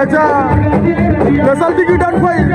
aca gasal digi dan fay